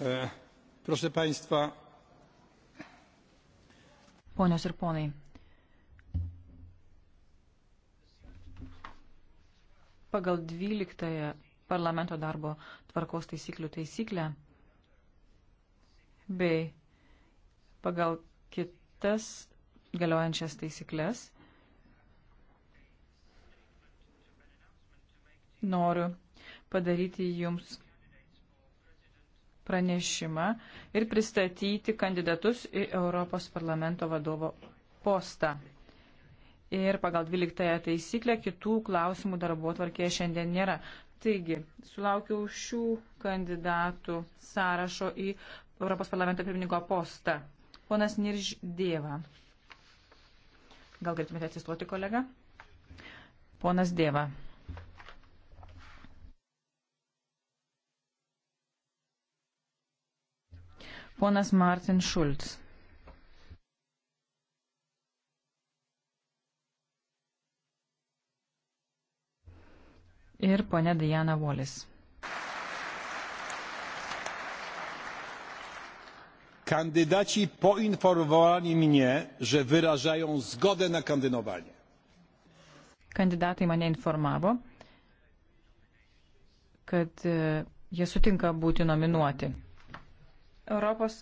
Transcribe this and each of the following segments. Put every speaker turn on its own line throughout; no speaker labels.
E, proszę Państwa.
Ponios ir ponai. Pagal 12 parlamento darbo tvarkos taisyklių taisyklę bei pagal kitas galiojančias taisyklės noriu padaryti jums pranešimą ir pristatyti kandidatus į Europos parlamento vadovo postą. Ir pagal 12 taisyklę kitų klausimų darbo tvarkėje šiandien nėra. Taigi, sulaukiau šių kandidatų sąrašo į Europos parlamento pirmininko postą. Ponas Nirždėva. Gal galėtumėte atsistoti, kolega? Ponas Dėva. Ponas Martin Šulc. Ir ponia Diana Volis.
kandydaci poinformowali mnie że wyrażają zgodę na kandydowanie.
kandydatai mane informavo kad e, jie sutinka būti nominuoti. Europos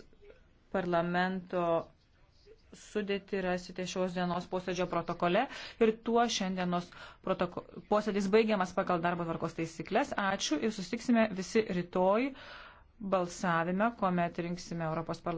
parlamento sudėti rasite šios dienos posėdžio protokole ir tuo šiandienos protoko... posėdis baigiamas pagal darbo tvarkos taisyklės. Ačiū ir susitiksime visi rytoj balsavime, kuomet rinksime Europos parlamentą.